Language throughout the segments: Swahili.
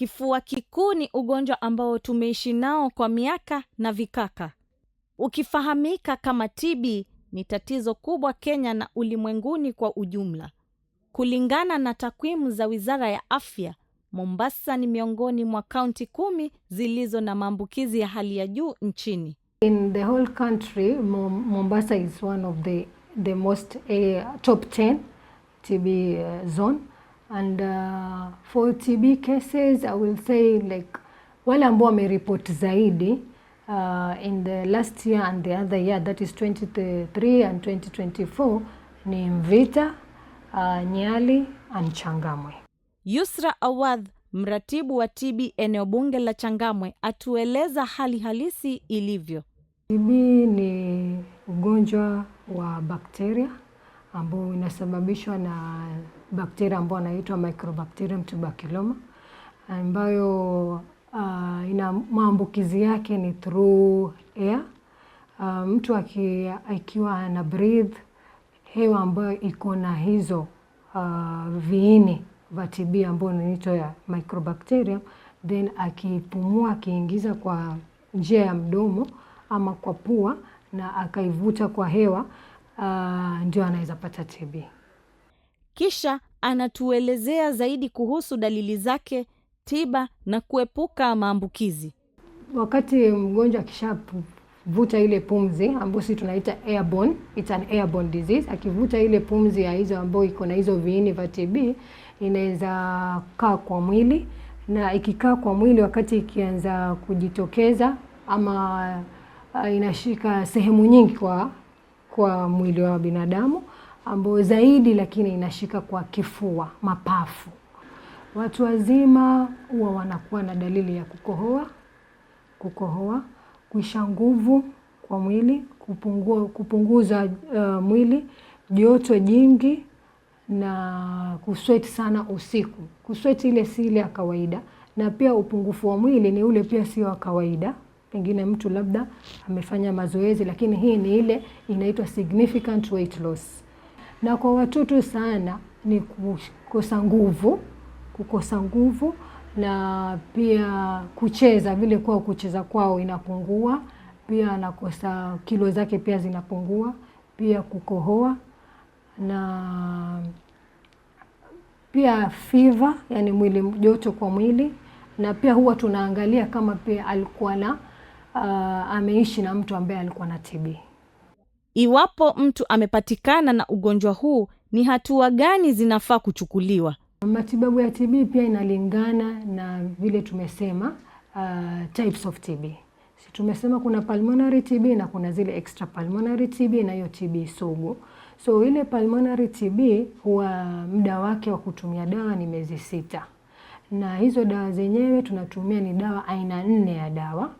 Kifua kikuu ni ugonjwa ambao tumeishi nao kwa miaka na vikaka. Ukifahamika kama TB ni tatizo kubwa Kenya na ulimwenguni kwa ujumla. Kulingana na takwimu za Wizara ya Afya, Mombasa ni miongoni mwa kaunti kumi zilizo na maambukizi ya hali ya juu nchini. In the whole country, Mombasa is one of the, the most, uh, top 10 TB eh, zone and uh, for TB cases I will say like wale ambao wameripot zaidi uh, in the last year and the other year that is 23 and 2024 ni Mvita uh, Nyali and Changamwe. Yusra Awadh mratibu wa TB eneo bunge la Changamwe atueleza hali halisi ilivyo. TB ni ugonjwa wa bakteria ambao unasababishwa na bakteria ambao anaitwa Microbacterium tuberculoma ambayo uh, ina maambukizi yake ni through air. Uh, mtu aki, akiwa ana breathe hewa ambayo iko na hizo uh, viini vya TB ambayo inaitwa ya microbacterium then akipumua akiingiza kwa njia ya mdomo ama kwa pua na akaivuta kwa hewa uh, ndio anaweza pata TB. Kisha anatuelezea zaidi kuhusu dalili zake, tiba na kuepuka maambukizi. Wakati mgonjwa akishavuta ile pumzi ambayo sisi tunaita airborne, it's an airborne disease, akivuta ile pumzi ya hizo ambayo iko na hizo viini vya TB inaweza kaa kwa mwili, na ikikaa kwa mwili, wakati ikianza kujitokeza ama uh, inashika sehemu nyingi kwa kwa mwili wa binadamu ambayo zaidi lakini inashika kwa kifua, mapafu. Watu wazima huwa wanakuwa na dalili ya kukohoa, kukohoa, kuisha nguvu kwa mwili, kupungua, kupunguza uh, mwili, joto jingi na kusweti sana usiku. Kusweti ile si ile ya kawaida, na pia upungufu wa mwili ni ule pia sio wa kawaida. Pengine mtu labda amefanya mazoezi, lakini hii ni ile inaitwa significant weight loss na kwa watoto sana ni kukosa nguvu, kukosa nguvu na pia kucheza vile kwao, kucheza kwao inapungua pia, anakosa kilo zake pia zinapungua pia, kukohoa na pia fiva, yani mwili joto kwa mwili, na pia huwa tunaangalia kama pia alikuwa na uh, ameishi na mtu ambaye alikuwa na TB. Iwapo mtu amepatikana na ugonjwa huu, ni hatua gani zinafaa kuchukuliwa? Matibabu ya TB pia inalingana na vile tumesema, uh, types of TB. Si tumesema kuna pulmonary TB na kuna zile extra pulmonary TB na hiyo TB sugu. So ile pulmonary TB huwa muda wake wa kutumia dawa ni miezi sita, na hizo dawa zenyewe tunatumia ni dawa aina nne ya dawa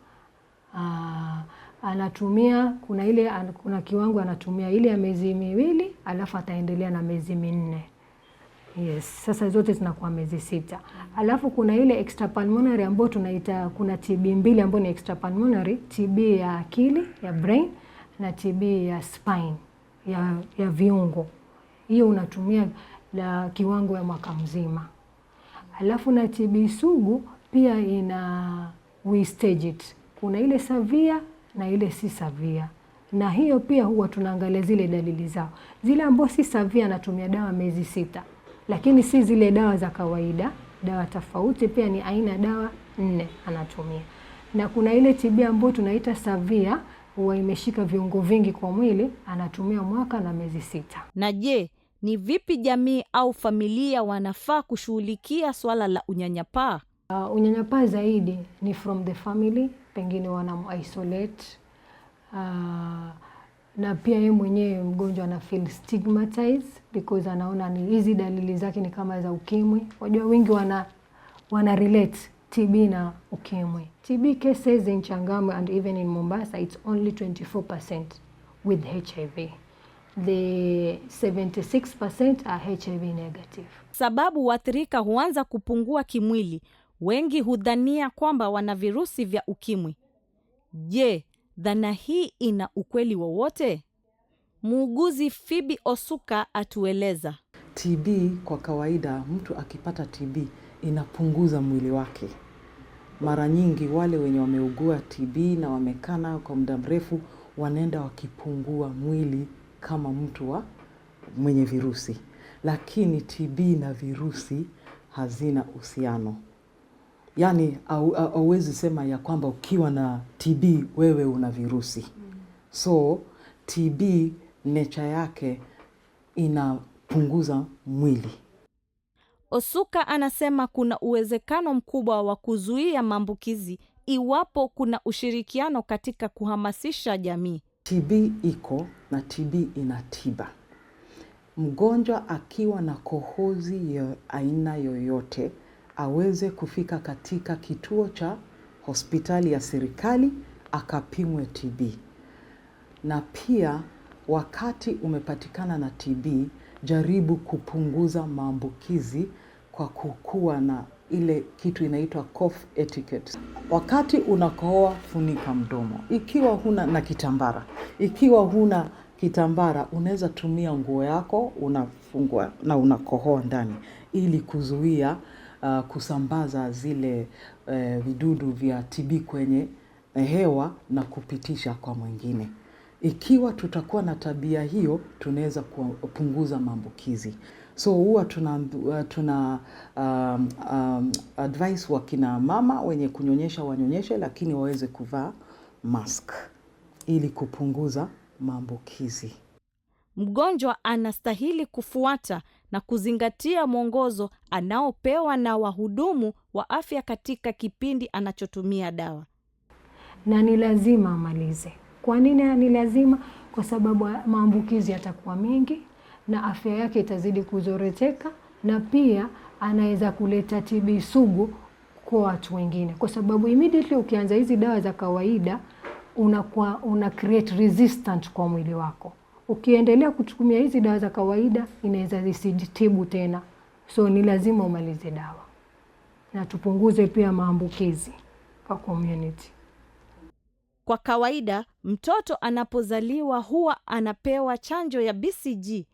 uh, anatumia kuna ile kuna kiwango anatumia ile ya miezi miwili, alafu ataendelea na miezi minne. Yes, sasa zote zinakuwa miezi sita. Alafu kuna ile extrapulmonary ambayo tunaita kuna TB mbili ambayo ni extrapulmonary, TB ya akili ya brain na TB ya spine ya, ya viungo. Hiyo unatumia la kiwango ya mwaka mzima. Alafu na TB sugu pia ina we stage it. Kuna ile severe na ile si savia na hiyo pia huwa tunaangalia zile dalili zao. Zile ambao si savia anatumia dawa miezi sita, lakini si zile dawa za kawaida, dawa tofauti pia ni aina dawa nne anatumia. Na kuna ile tibia ambayo tunaita savia, huwa imeshika viungo vingi kwa mwili, anatumia mwaka na miezi sita. Na je, ni vipi jamii au familia wanafaa kushughulikia swala la unyanyapaa? Uh, unyanyapaa zaidi ni from the family, pengine isolate uh, na pia yeye mwenyewe mgonjwa ana feel stigmatized because anaona ni hizi dalili zake ni kama za ukimwi. Wajua wengi wana wana relate TB na ukimwi. TB cases in Changamwe and even in Mombasa it's only 24% with HIV. The 76% are HIV negative. Sababu waathirika huanza kupungua kimwili Wengi hudhania kwamba wana virusi vya ukimwi. Je, dhana hii ina ukweli wowote? Muuguzi Phoebe Osuka atueleza. TB kwa kawaida, mtu akipata TB inapunguza mwili wake. Mara nyingi wale wenye wameugua TB na wamekana kwa muda mrefu wanaenda wakipungua mwili kama mtu wa mwenye virusi, lakini TB na virusi hazina uhusiano yani hauwezi sema ya kwamba ukiwa na TB wewe una virusi mm. So TB necha yake inapunguza mwili. Osuka anasema kuna uwezekano mkubwa wa kuzuia maambukizi iwapo kuna ushirikiano katika kuhamasisha jamii. TB iko na TB ina tiba. Mgonjwa akiwa na kohozi ya aina yoyote aweze kufika katika kituo cha hospitali ya serikali akapimwe TB. Na pia wakati umepatikana na TB, jaribu kupunguza maambukizi kwa kukuwa na ile kitu inaitwa cough etiquette. Wakati unakohoa funika mdomo, ikiwa huna na kitambara. Ikiwa huna kitambara, unaweza tumia nguo yako unafungwa na unakohoa ndani ili kuzuia uh, kusambaza zile uh, vidudu vya TB kwenye hewa na kupitisha kwa mwingine. Ikiwa tutakuwa na tabia hiyo, tunaweza kupunguza maambukizi. So huwa tuna, tuna um, um, advice kina mama wenye kunyonyesha wanyonyeshe, lakini waweze kuvaa mask ili kupunguza maambukizi. Mgonjwa anastahili kufuata na kuzingatia mwongozo anaopewa na wahudumu wa afya katika kipindi anachotumia dawa. Na ni lazima amalize. Kwa nini ni lazima? Kwa sababu maambukizi yatakuwa mengi na afya yake itazidi kuzoroteka, na pia anaweza kuleta TB sugu kwa watu wengine, kwa sababu immediately ukianza hizi dawa za kawaida unakuwa una create resistant kwa mwili wako ukiendelea kuchukumia hizi dawa za kawaida inaweza zisijitibu tena, so ni lazima umalize dawa na tupunguze pia maambukizi kwa community. Kwa kawaida mtoto anapozaliwa huwa anapewa chanjo ya BCG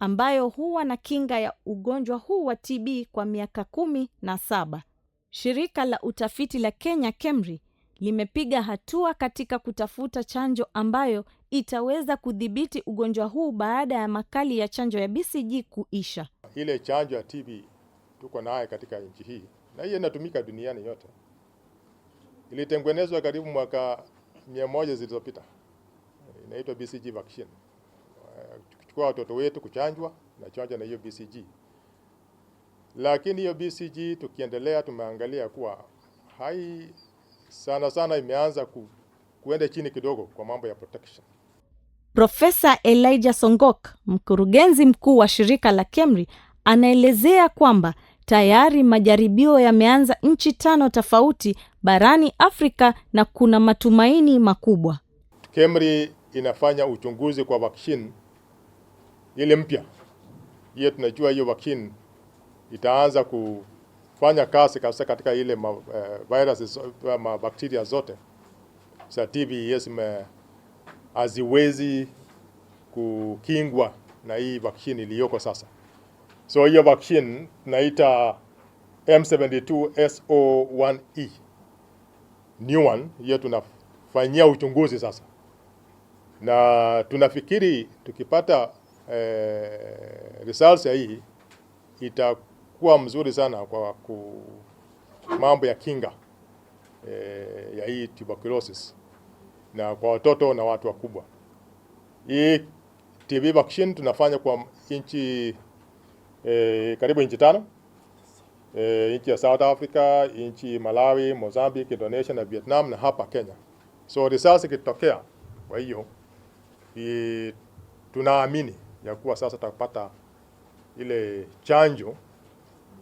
ambayo huwa na kinga ya ugonjwa huu wa TB kwa miaka kumi na saba. Shirika la utafiti la Kenya KEMRI limepiga hatua katika kutafuta chanjo ambayo itaweza kudhibiti ugonjwa huu baada ya makali ya chanjo ya BCG kuisha. Ile chanjo ya TB tuko naye katika nchi hii na hiyo inatumika duniani yote, ilitengenezwa karibu mwaka mia moja zilizopita, inaitwa BCG vaccine. Tukichukua watoto wetu kuchanjwa na chanjo na hiyo BCG, lakini hiyo BCG tukiendelea, tumeangalia kuwa hai sana sana imeanza ku, kuenda chini kidogo kwa mambo ya protection. Profesa Elijah Songok, mkurugenzi mkuu wa shirika la KEMRI, anaelezea kwamba tayari majaribio yameanza nchi tano tofauti barani Afrika na kuna matumaini makubwa. KEMRI inafanya uchunguzi kwa vaccine ile mpya hiyo, tunajua hiyo vaccine itaanza ku fanya kazi kabisa katika ile ma, uh, viruses eh, ma bacteria zote za TBS haziwezi kukingwa na hii vaccine iliyoko sasa. So hiyo vaccine tunaita M72SO1E e. new one, hiyo tunafanyia uchunguzi sasa, na tunafikiri tukipata eh, results ya hii ita kuwa mzuri sana kwa ku mambo ya kinga e, ya hii tuberculosis na kwa watoto na watu wakubwa. Hii TB vaccine tunafanya kwa nchi e, eh, karibu nchi tano e, eh, nchi ya South Africa, nchi Malawi, Mozambique, Indonesia na Vietnam na hapa Kenya. So risasi ikitokea, kwa hiyo tunaamini ya kuwa sasa tutapata ile chanjo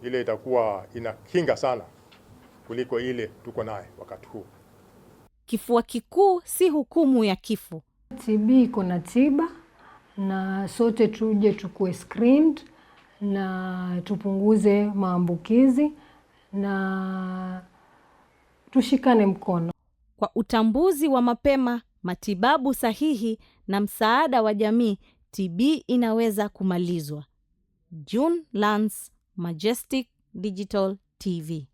ile itakuwa inakinga sana kuliko ile tuko naye wakati huu. Kifua kikuu si hukumu ya kifo. TB iko na tiba, na sote tuje tukue screened na tupunguze maambukizi na tushikane mkono. Kwa utambuzi wa mapema, matibabu sahihi na msaada wa jamii, TB inaweza kumalizwa. June Lance, Majestic Digital TV.